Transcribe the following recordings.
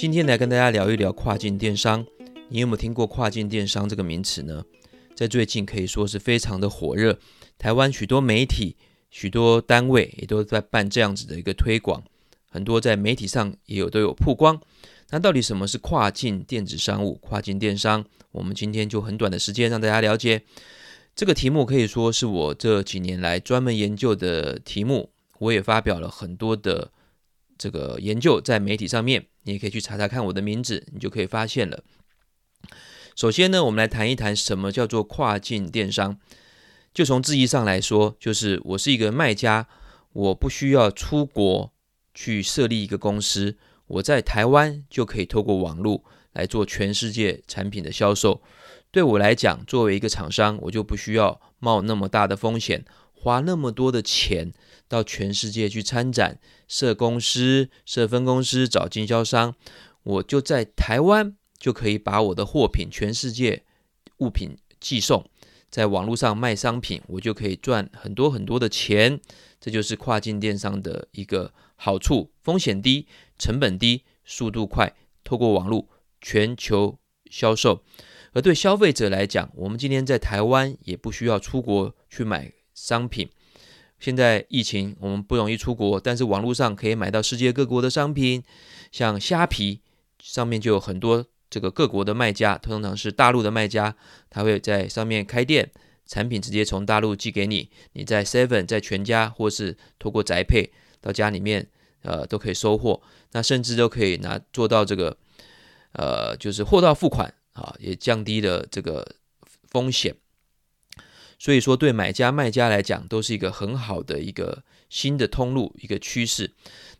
今天來跟大家聊一聊跨境電商。你有沒有聽過跨境電商這個名詞呢？在最近可以說是非常的火熱，台灣許多媒體、許多單位也都在辦這樣子的一個推廣，很多在媒體上也有都有曝光。那到底什麼是跨境電子商務？跨境電商？我們今天就很短的時間讓大家了解。這個題目可以說是我這幾年來專門研究的題目，我也發表了很多的。這個研究在媒體上面，你也可以去查查看我的名字，你就可以發現了。首先呢，我們來談一談什麼叫做跨境電商。就從字義上來說，就是我是一個賣家，我不需要出國去設立一個公司，我在台灣就可以透過網絡來做全世界產品的銷售。對我來講，作為一個廠商，我就不需要冒那麼大的風險，花那麼多的錢。到全世界去參展，設公司、設分公司、找經銷商，我就在台灣就可以把我的貨品全世界物品寄送，在網絡上賣商品，我就可以賺很多很多的錢。這就是跨境電商的一個好處：風險低、成本低、速度快，透過網絡全球銷售。而對消費者來講，我們今天在台灣也不需要出國去買商品。現在疫情我們不容易出國，但是網絡上可以買到世界各國的商品，像蝦皮上面就有很多這個各國的賣家，通常是大陸的賣家，他會在上面開店，產品直接從大陸寄給你，你在 Seven、在全家或是透過宅配到家裡面，呃，都可以收貨，那甚至都可以拿做到這個，呃，就是貨到付款啊，也降低了這個風險。所以說，對買家、賣家來講，都是一個很好的一個新的通路、一個趨勢。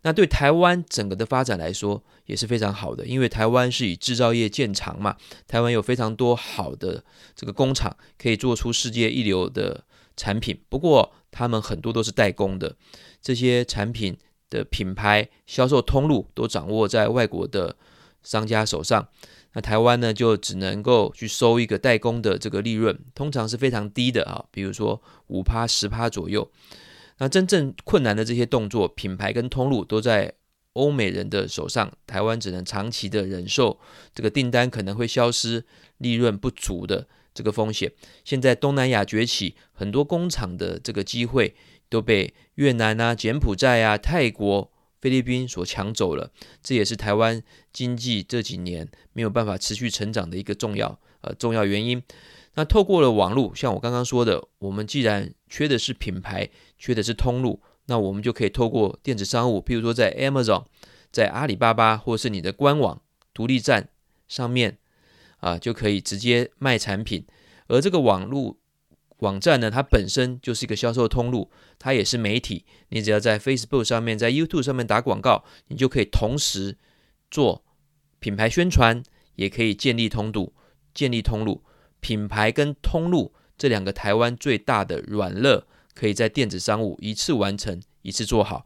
那對台灣整個的發展來說，也是非常好的，因為台灣是以制造業見長嘛，台灣有非常多好的這個工廠，可以做出世界一流的產品。不過，他們很多都是代工的，這些產品的品牌銷售通路都掌握在外國的商家手上。那台灣呢，就只能夠去收一個代工的這個利潤，通常是非常低的啊，比如說五趴十趴左右。那真正困難的這些動作，品牌跟通路都在歐美人的手上，台灣只能長期的忍受這個訂單可能會消失、利潤不足的這個風險。現在東南亞崛起，很多工廠的這個機會都被越南啊、柬埔寨啊、泰國。菲律賓所搶走了，這也是台灣經濟這幾年沒有辦法持續成長的一個重要呃重要原因。那透過了網絡，像我剛剛說的，我們既然缺的是品牌，缺的是通路，那我們就可以透過電子商務，譬如說在 Amazon、在阿里巴巴或是你的官網獨立站上面啊，呃，就可以直接賣產品，而這個網絡。網站呢，它本身就是一個銷售通路，它也是媒體。你只要在 Facebook 上面，在 YouTube 上面打廣告，你就可以同時做品牌宣傳，也可以建立通路、建立通路。品牌跟通路這兩個台灣最大的軟肋，可以在電子商務一次完成、一次做好。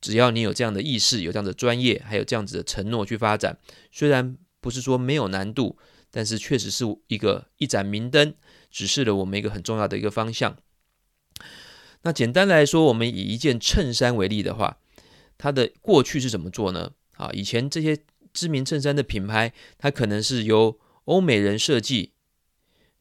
只要你有這樣的意識、有這樣的專業，還有這樣子的承諾去發展，雖然不是說沒有難度，但是確實是一個一盞明燈。指示了我們一個很重要的一個方向。那簡單來說，我們以一件襯衫為例的話，它的過去是怎麼做呢？啊，以前這些知名襯衫的品牌，它可能是由歐美人設計，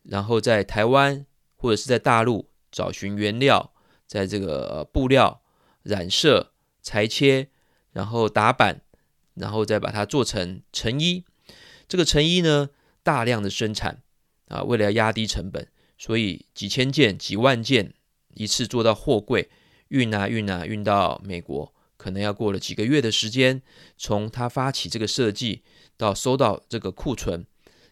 然後在台灣或者是在大陸找尋原料，在這個布料、染色、裁切，然後打板，然後再把它做成成衣。這個成衣呢，大量的生產。啊，為了要壓低成本，所以幾千件、幾萬件一次做到貨櫃，運啊運啊運到美國，可能要過了幾個月的時間，從他發起這個設計到收到這個庫存，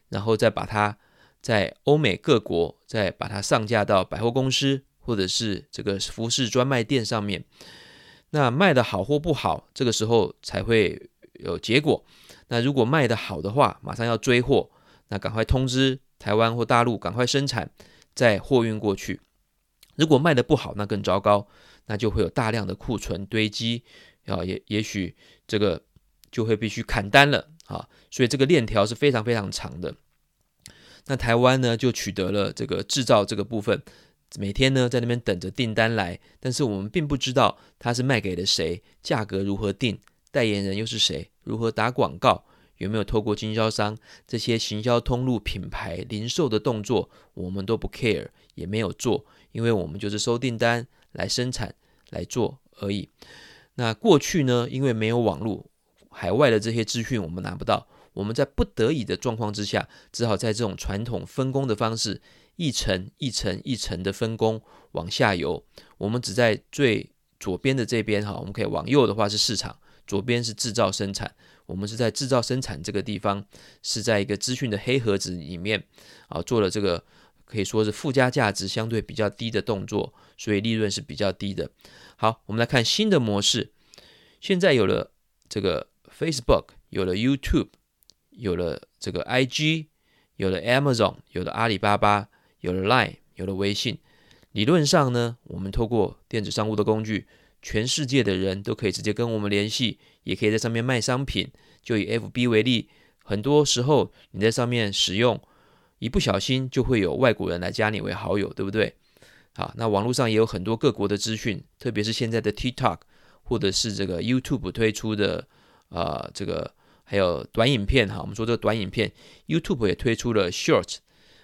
然後再把它在歐美各國再把它上架到百貨公司或者是這個服飾專賣店上面。那賣得好或不好，這個時候才會有結果。那如果賣得好的話，馬上要追貨，那趕快通知。台灣或大陸趕快生產，再貨運過去。如果賣得不好，那更糟糕，那就會有大量的庫存堆積啊，也也許這個就會必須砍單了啊。所以這個鏈條是非常非常長的。那台灣呢，就取得了這個制造這個部分，每天呢在那邊等着訂單來，但是我們並不知道它是賣給了誰，價格如何定，代言人又是誰，如何打廣告。有沒有透過經銷商這些行銷通路、品牌零售的動作？我們都不 care，也沒有做，因為我們就是收訂單來生產來做而已。那過去呢？因為沒有網絡，海外的這些資訊我們拿不到，我們在不得已的狀況之下，只好在這種傳統分工的方式，一層一層一層的分工往下游。我們只在最左邊的這邊哈，我們可以往右的話是市場，左邊是制造生產。我們是在製造生產這個地方，是在一個資訊的黑盒子裡面啊，做了這個可以說是附加價值相對比較低的動作，所以利潤是比較低的。好，我們來看新的模式，現在有了這個 Facebook，有了 YouTube，有了這個 IG，有了 Amazon，有了阿里巴巴，有了 Line，有了微信。理論上呢，我們透過電子商務的工具，全世界的人都可以直接跟我們聯繫，也可以在上面賣商品。就以 FB 為例，很多時候你在上面使用，一不小心就會有外國人來加你為好友，對不對？啊，那網絡上也有很多各國的資訊，特別是現在的 TikTok 或者是這個 YouTube 推出的啊、呃，這個還有短影片哈。我們說這個短影片，YouTube 也推出了 Short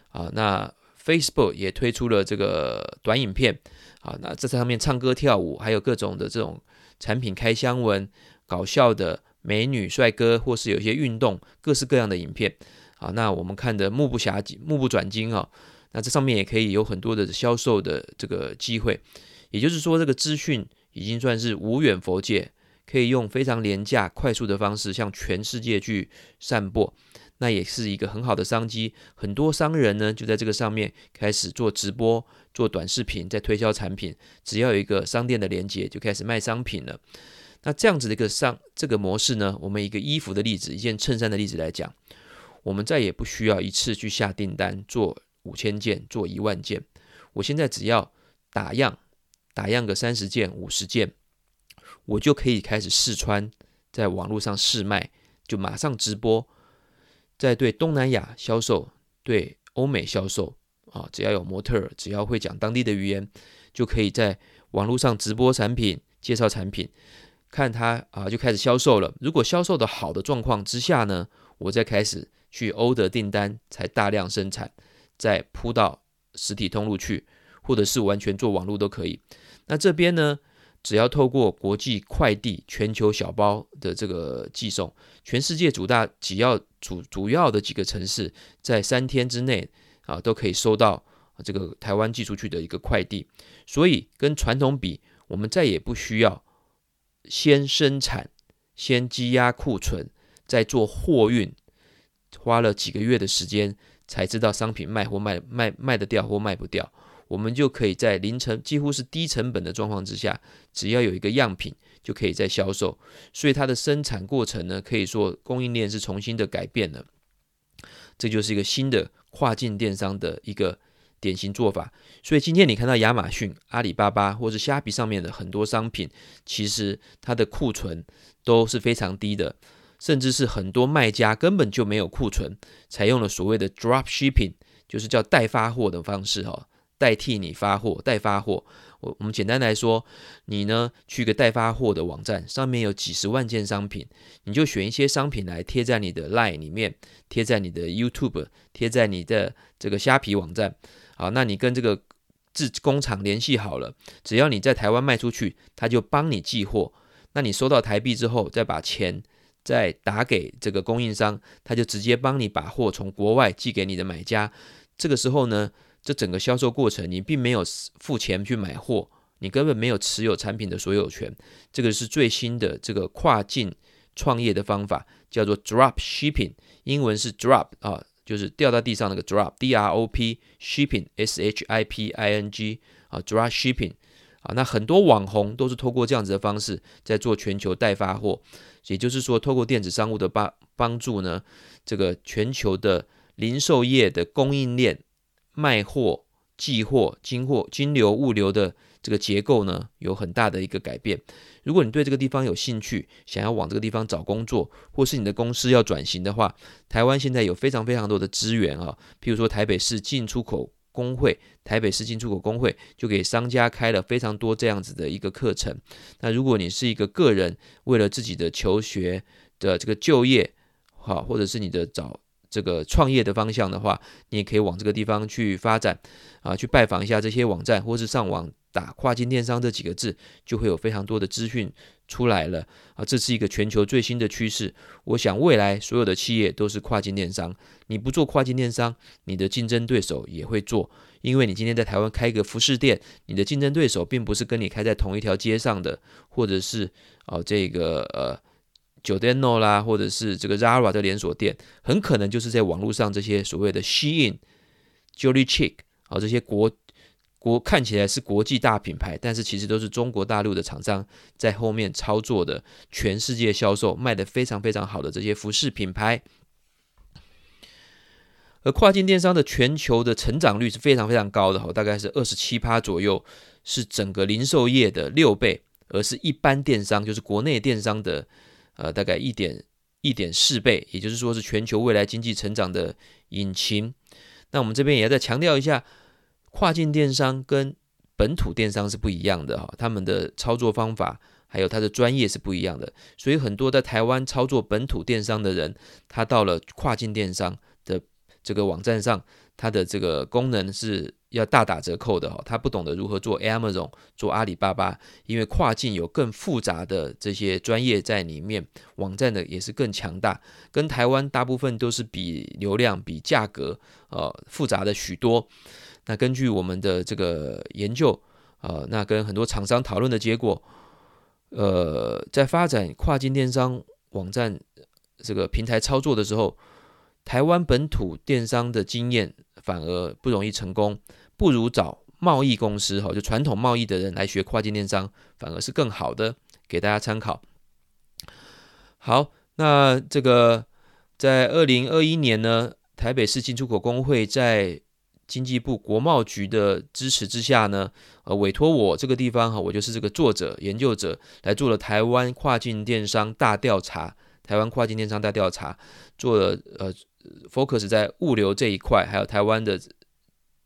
啊，那 Facebook 也推出了這個短影片。啊，那這上面唱歌跳舞，還有各種的這種產品開箱文，搞笑的美女帥哥，或是有一些運動，各式各樣的影片，啊，那我們看的目不暇目不轉睛啊、哦。那這上面也可以有很多的銷售的這個機會，也就是說，這個資訊已經算是無遠弗屆，可以用非常廉價快速的方式向全世界去散播。那也是一個很好的商機，很多商人呢就在這個上面開始做直播、做短視頻，在推銷產品。只要有一個商店的連接，就開始賣商品了。那這樣子的一個商這個模式呢，我們一個衣服的例子，一件襯衫的例子來講，我們再也不需要一次去下訂單，做五千件、做一萬件。我現在只要打樣，打樣個三十件、五十件，我就可以開始試穿，在網絡上試賣，就馬上直播。在對東南亞銷售，對歐美銷售啊，只要有模特，只要會講當地的語言，就可以在網絡上直播產品，介紹產品，看他啊就開始銷售了。如果銷售的好的狀況之下呢，我再開始去 order 訂單，才大量生產，再鋪到實體通路去，或者是完全做網絡都可以。那這邊呢，只要透過國際快遞、全球小包的這個寄送，全世界主大主要主主要的幾個城市，在三天之內啊，都可以收到這個台灣寄出去的一個快遞。所以跟傳統比，我們再也不需要先生產、先積壓庫存、再做貨運，花了幾個月的時間才知道商品賣或賣賣賣得掉或賣不掉。我們就可以在零成幾乎是低成本的狀況之下，只要有一個樣品就可以在銷售，所以它的生產過程呢，可以說供應鏈是重新的改變了。這就是一個新的跨境電商的一個典型做法。所以今天你看到亞馬遜、阿里巴巴或是蝦皮上面的很多商品，其實它的庫存都是非常低的，甚至是很多賣家根本就沒有庫存，採用了所謂的 drop shipping，就是叫代發貨的方式，哈。代替你發貨，代發貨。我我們簡單來說，你呢去個代發貨的網站，上面有幾十萬件商品，你就選一些商品來貼在你的 Line 裡面，貼在你的 YouTube，貼在你的這個蝦皮網站。好，那你跟這個制工廠聯繫好了，只要你在台灣賣出去，他就幫你寄貨。那你收到台幣之後，再把錢再打給這個供應商，他就直接幫你把貨從國外寄給你的買家。這個時候呢，這整個銷售過程，你並沒有付錢去買貨，你根本沒有持有產品的所有權。這個是最新的這個跨境創業的方法，叫做 Drop Shipping，英文是 Drop 啊，就是掉到地上那個 Drop，D R O P，Shipping，S H I P I N G 啊，Drop Shipping 啊。那很多網紅都是透過這樣子的方式在做全球代發貨，也就是說，透過電子商務的幫幫助呢，這個全球的零售業的供應鏈。賣貨、寄貨、進貨、金流、物流的這個結構呢，有很大的一個改變。如果你對這個地方有興趣，想要往這個地方找工作，或是你的公司要轉型的話，台灣現在有非常非常多的資源啊。譬如說，台北市進出口工會，台北市進出口工會就給商家開了非常多這樣子的一個課程。那如果你是一個個人，為了自己的求學的這個就業，好，或者是你的找。這個創業的方向的話，你也可以往這個地方去發展啊，去拜訪一下這些網站，或是上網打“跨境電商”這幾個字，就會有非常多的資訊出來了啊。這是一個全球最新的趨勢，我想未來所有的企業都是跨境電商。你不做跨境電商，你的競爭對手也會做，因為你今天在台灣開一個服飾店，你的競爭對手並不是跟你開在同一條街上的，或者是哦、啊、這個呃。酒店諾啦，或者是這個 Zara 的連鎖店，很可能就是在網絡上這些所謂的 Shein、JollyChic 啊、哦，這些國國看起來是國際大品牌，但是其實都是中國大陸的廠商在後面操作的，全世界銷售賣的非常非常好的這些服飾品牌。而跨境電商的全球的成長率是非常非常高的，哦、大概是二十七趴左右，是整個零售業的六倍，而是一般電商，就是國內電商的。呃，大概一點一點四倍，也就是說，是全球未來經濟成長的引擎。那我們這邊也要再強調一下，跨境電商跟本土電商是不一樣的哈、哦，他們的操作方法還有他的專業是不一樣的。所以很多在台灣操作本土電商的人，他到了跨境電商這個網站上，它的這個功能是要大打折扣的哈、哦，它不懂得如何做 Amazon，做阿里巴巴，因為跨境有更複雜的這些專業在裡面，網站呢也是更強大，跟台灣大部分都是比流量、比價格，呃，複雜的許多。那根據我們的這個研究，呃，那跟很多廠商討論的結果，呃，在發展跨境電商網站這個平台操作的時候。台灣本土電商的經驗反而不容易成功，不如找貿易公司哈，就傳統貿易的人來學跨境電商，反而是更好的給大家參考。好，那這個在二零二一年呢，台北市進出口公會在經濟部國貿局的支持之下呢，呃，委託我這個地方哈，我就是這個作者、研究者，來做了台灣跨境電商大調查。台灣跨境電商大調查做了呃。focus 在物流這一塊，還有台灣的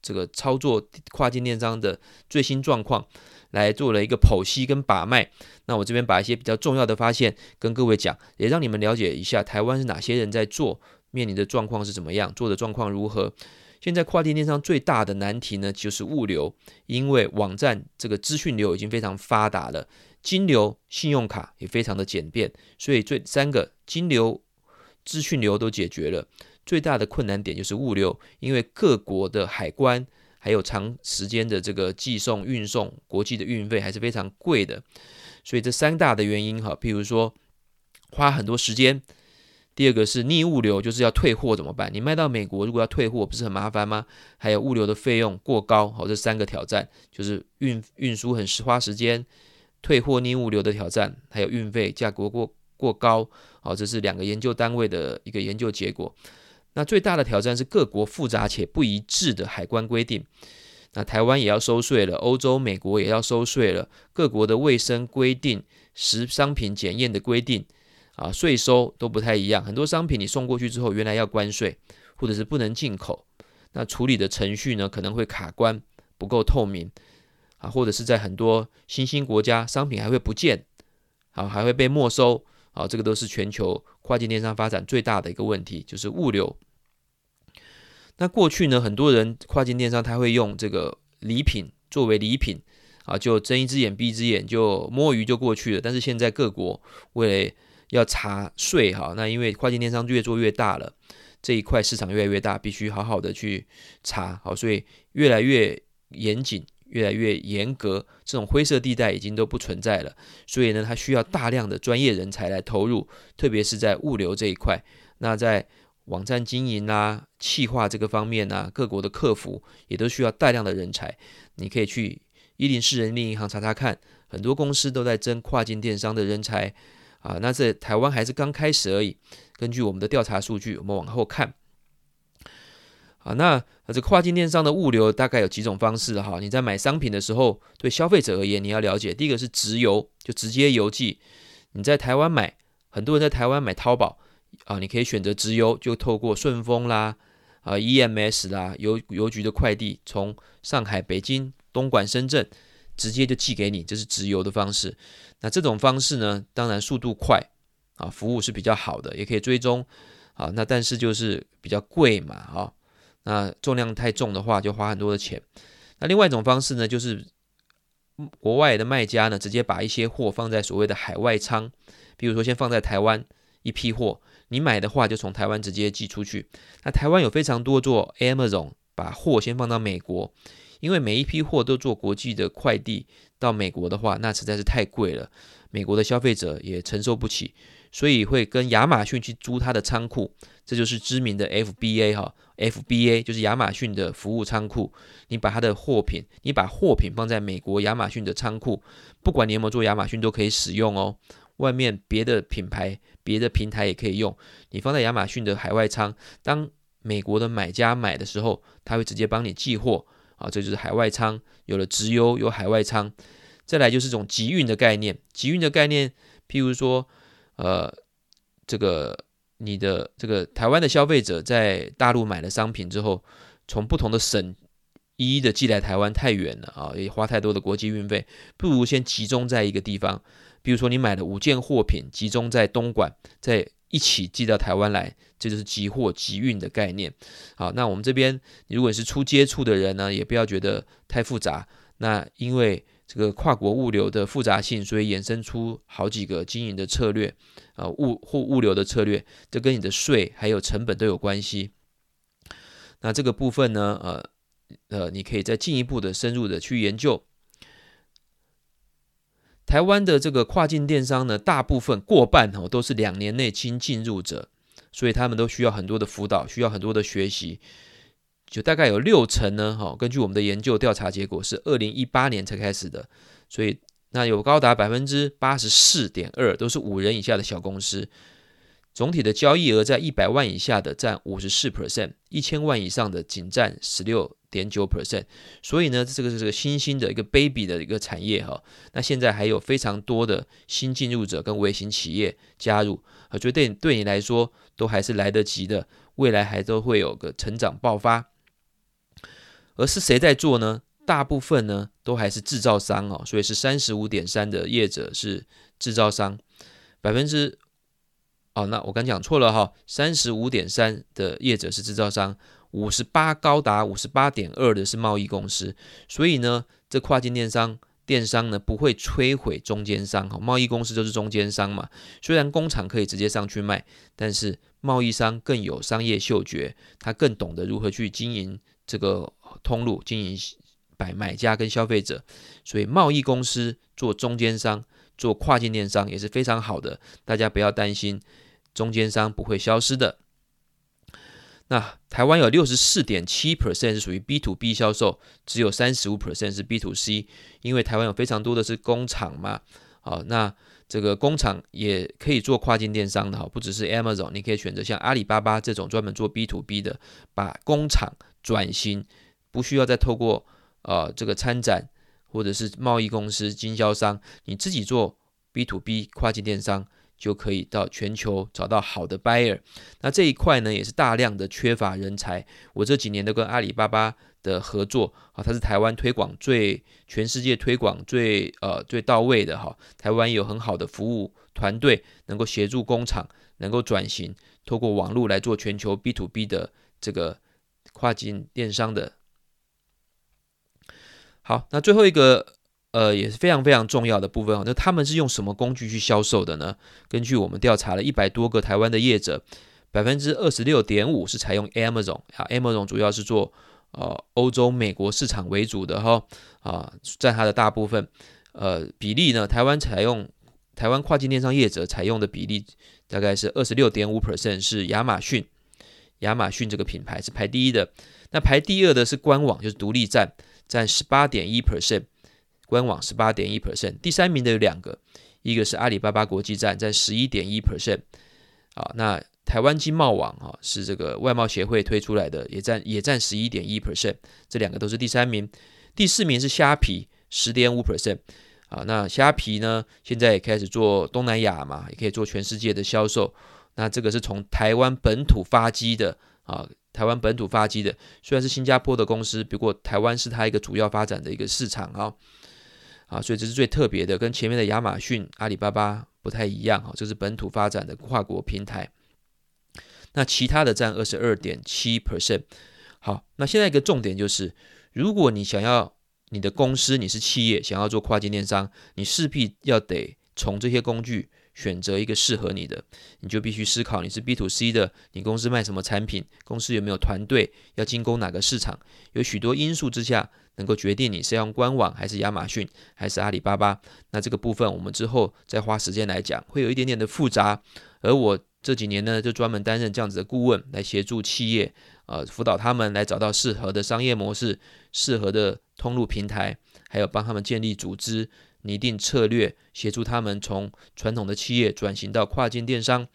這個操作跨境電商的最新狀況，來做了一個剖析跟把脈。那我這邊把一些比較重要的發現跟各位講，也讓你們了解一下台灣是哪些人在做，面臨的狀況是怎麼樣，做的狀況如何。現在跨境電商最大的難題呢，就是物流，因為網站這個資訊流已經非常發達了，金流、信用卡也非常的簡便，所以這三個金流。資訊流都解決了，最大的困難點就是物流，因為各國的海關還有長時間的這個寄送、運送、國際的運費還是非常貴的，所以這三大的原因哈，譬如說花很多時間，第二個是逆物流，就是要退貨怎麼辦？你賣到美國如果要退貨，不是很麻煩嗎？還有物流的費用過高，好，這三個挑戰就是運運輸很花時間，退貨逆物流的挑戰，還有運費價格過過高。好，這是兩個研究單位的一個研究結果。那最大的挑戰是各國複雜且不一致的海關規定。那台灣也要收稅了，歐洲、美國也要收稅了。各國的衛生規定、食商品檢驗的規定啊，稅收都不太一樣。很多商品你送過去之後，原來要關稅，或者是不能進口。那處理的程序呢，可能會卡關不夠透明啊，或者是在很多新興國家，商品還會不見，啊，還會被沒收。好，這個都是全球跨境電商發展最大的一個問題，就是物流。那過去呢，很多人跨境電商他會用這個禮品作為禮品啊，就睜一隻眼閉一隻眼，就摸魚就過去了。但是現在各國為了要查稅哈，那因為跨境電商越做越大了，這一塊市場越來越大，必須好好的去查，好，所以越來越嚴謹。越來越嚴格，這種灰色地帶已經都不存在了。所以呢，它需要大量的專業人才來投入，特別是在物流這一塊。那在網站經營啊、企劃這個方面啊，各國的客服也都需要大量的人才。你可以去一零四人力銀行查查看，很多公司都在徵跨境電商的人才啊。那在台灣還是剛開始而已。根據我們的調查數據，我們往後看。啊，那這跨境電商的物流大概有幾種方式哈？你在買商品的時候，對消費者而言，你要了解第一個是直郵，就直接郵寄。你在台灣買，很多人在台灣買淘寶啊，你可以選擇直郵，就透過順豐啦、啊、e、EMS 啦、郵郵局的快遞，從上海、北京、東莞、深圳直接就寄給你，這是直郵的方式。那這種方式呢，當然速度快，啊，服務是比較好的，也可以追蹤啊。那但是就是比較貴嘛，哈。那重量太重的話，就花很多的錢。那另外一種方式呢，就是國外的賣家呢，直接把一些貨放在所謂的海外倉，比如說先放在台灣一批貨，你買的話就從台灣直接寄出去。那台灣有非常多做 Amazon，把貨先放到美國，因為每一批貨都做國際的快遞到美國的話，那實在是太貴了，美國的消費者也承受不起。所以會跟亞馬遜去租它的倉庫，這就是知名的 FBA 哈，FBA 就是亞馬遜的服務倉庫。你把它的貨品，你把貨品放在美國亞馬遜的倉庫，不管你有沒有做亞馬遜都可以使用哦。外面別的品牌、別的平台也可以用，你放在亞馬遜的海外倉，當美國的買家買的時候，他會直接幫你寄貨啊，這就是海外倉。有了直郵，有海外倉，再來就是一種集運的概念。集運的概念，譬如說。呃，這個你的這個台灣的消費者在大陸買了商品之後，從不同的省一一的寄來台灣太遠了啊，也花太多的國際運費，不如先集中在一個地方，比如說你買了五件貨品，集中在東莞，再一起寄到台灣來，這就是集貨集運的概念。好，那我們這邊如果是初接觸的人呢，也不要覺得太複雜，那因為。這個跨國物流的複雜性，所以衍生出好幾個經營的策略，啊，物或物流的策略，這跟你的稅還有成本都有關係。那這個部分呢，呃，呃，你可以再進一步的深入的去研究。台灣的這個跨境電商呢，大部分過半哦，都是兩年內新進入者，所以他們都需要很多的輔導，需要很多的學習。就大概有六成呢，哈，根據我們的研究調查結果是二零一八年才開始的，所以那有高達百分之八十四點二都是五人以下的小公司，總體的交易額在一百萬以下的佔五十四 percent，一千萬以上的僅佔十六點九 percent，所以呢，這個是這個新興的一個 baby 的一個產業哈，那現在還有非常多的新進入者跟微型企業加入，我覺得對你對你來說都還是來得及的，未來還都會有個成長爆發。而是誰在做呢？大部分呢都還是製造商哦，所以是三十五點三的業者是製造商，百分之哦，那我剛講錯了哈、哦，三十五點三的業者是製造商，五十八高達五十八點二的是貿易公司，所以呢，這跨境電商電商呢不會摧毀中間商哈，貿易公司就是中間商嘛。雖然工廠可以直接上去賣，但是貿易商更有商業嗅覺，他更懂得如何去經營。這個通路經營買買家跟消費者，所以貿易公司做中間商做跨境電商也是非常好的，大家不要擔心中間商不會消失的。那台灣有六十四點七 percent 是屬於 B to B 銷售，只有三十五 percent 是 B to C，因為台灣有非常多的是工廠嘛，好、哦，那這個工廠也可以做跨境電商的，不只是 Amazon，你可以選擇像阿里巴巴這種專門做 B to B 的，把工廠。轉型不需要再透過呃這個參展或者是貿易公司、經銷商，你自己做 B to B 跨境電商就可以到全球找到好的 buyer。那這一塊呢也是大量的缺乏人才。我這幾年都跟阿里巴巴的合作，啊，它是台灣推廣最、全世界推廣最、呃最到位的哈。台灣有很好的服務團隊，能夠協助工廠能夠轉型，透過網絡來做全球 B to B 的這個。跨境電商的，好，那最後一個呃也是非常非常重要的部分哦，那他們是用什麼工具去銷售的呢？根據我們調查了一百多個台灣的業者，百分之二十六點五是採用 Amazon 啊，Amazon 主要是做呃歐洲、美國市場為主的哈、哦、啊，佔它的大部分呃比例呢，台灣採用，台灣跨境電商業者採用的比例大概是二十六點五 percent 是亞馬遜。亞馬遜這個品牌是排第一的，那排第二的是官網，就是獨立站，占十八點一 percent，官網十八點一 percent。第三名的有兩個，一個是阿里巴巴國際站，占十一點一 percent，啊，那台灣經貿網哈，是這個外貿協會推出來的，也占也占十一點一 percent，這兩個都是第三名。第四名是蝦皮，十點五 percent，啊，那蝦皮呢，現在也開始做東南亞嘛，也可以做全世界的銷售。那這個是從台灣本土發跡的啊，台灣本土發跡的，雖然是新加坡的公司，不過台灣是它一個主要發展的一個市場啊，啊，所以這是最特別的，跟前面的亞馬遜、阿里巴巴不太一樣哈、啊，這是本土發展的跨國平台。那其他的占二十二點七 percent。好，那現在一個重點就是，如果你想要你的公司，你是企業，想要做跨境電商，你勢必要得從這些工具，選擇一個適合你的，你就必須思考你是 B to C 的，你公司賣什麼產品，公司有沒有團隊，要進攻哪個市場，有許多因素之下能夠決定你是要用官網還是亞馬遜還是阿里巴巴。那這個部分我們之後再花時間來講，會有一點點的複雜。而我這幾年呢，就專門擔任這樣子的顧問，來協助企業，呃，輔導他們來找到適合的商業模式、適合的通路平台，還有幫他們建立組織，擬定策略，協助他們從傳統的企業轉型到跨境電商。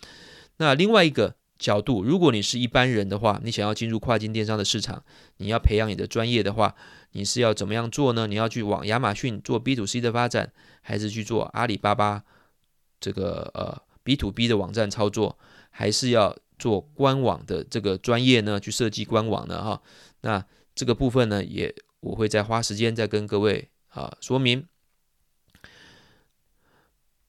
那另外一個角度，如果你是一般人的話，你想要進入跨境電商的市場，你要培養你的專業的話，你是要怎麼樣做呢？你要去往亞馬遜做 B to C 的發展，還是去做阿里巴巴這個呃 B to B 的網站操作，還是要做官網的這個專業呢？去設計官網呢？哈，那這個部分呢，也我會再花時間再跟各位啊說明。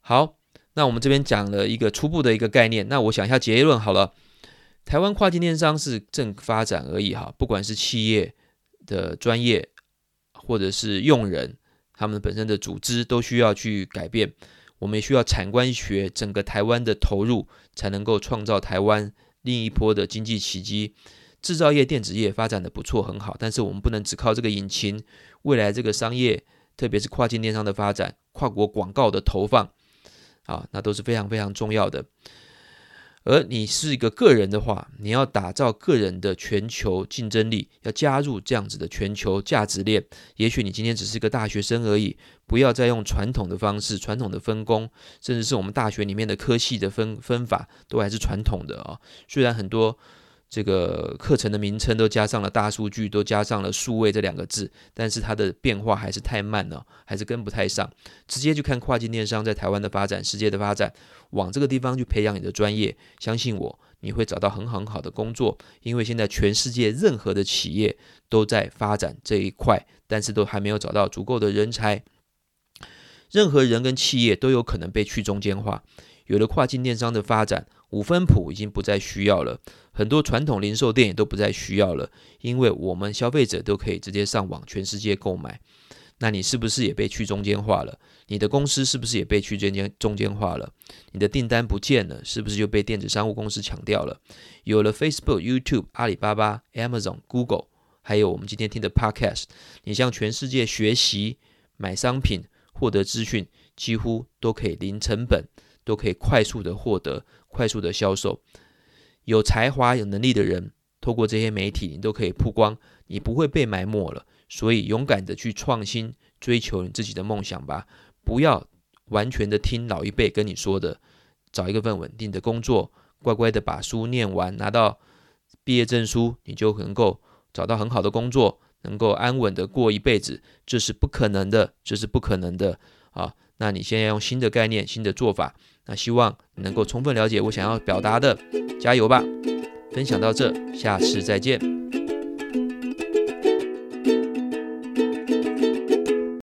好，那我們這邊講了一個初步的一個概念。那我想一下結論好了。台灣跨境電商是正發展而已哈，不管是企業的專業，或者是用人，他們本身的組織都需要去改變。我們也需要產官學整個台灣的投入，才能夠創造台灣另一波的經濟奇蹟。製造業、電子業發展得不錯，很好，但是我們不能只靠這個引擎。未來這個商業，特別是跨境電商的發展，跨國廣告的投放。啊，那都是非常非常重要的。而你是一個個人的話，你要打造個人的全球競爭力，要加入這樣子的全球價值鏈。也許你今天只是一個大學生而已，不要再用傳統的方式、傳統的分工，甚至是我們大學裡面的科系的分分法，都還是傳統的啊、哦。雖然很多。這個課程的名稱都加上了“大數據”，都加上了“數位”這兩個字，但是它的變化還是太慢了，還是跟不太上。直接就看跨境電商在台灣的發展、世界的發展，往這個地方去培養你的專業，相信我，你會找到很好很好的工作，因為現在全世界任何的企業都在發展這一塊，但是都還沒有找到足夠的人才。任何人跟企業都有可能被去中間化。有了跨境電商的發展，五分埔已經不再需要了。很多傳統零售店也都不再需要了，因為我們消費者都可以直接上網全世界購買。那你是不是也被去中間化了？你的公司是不是也被去中間中間化了？你的訂單不見了，是不是就被電子商務公司搶掉了？有了 Facebook、YouTube、阿里巴巴、Amazon、Google，還有我們今天聽的 Podcast，你向全世界學習、買商品、獲得資訊，幾乎都可以零成本。都可以快速的獲得，快速的銷售。有才華、有能力的人，透過這些媒體，你都可以曝光，你不會被埋沒了。所以，勇敢的去創新，追求你自己的夢想吧！不要完全的聽老一輩跟你說的，找一個份穩定的工作，乖乖的把書唸完，拿到畢業證書，你就能夠找到很好的工作，能夠安穩的過一輩子。這是不可能的，這是不可能的啊！那你現在用新的概念、新的做法。那希望你能夠充分了解我想要表達的，加油吧！分享到這，下次再見。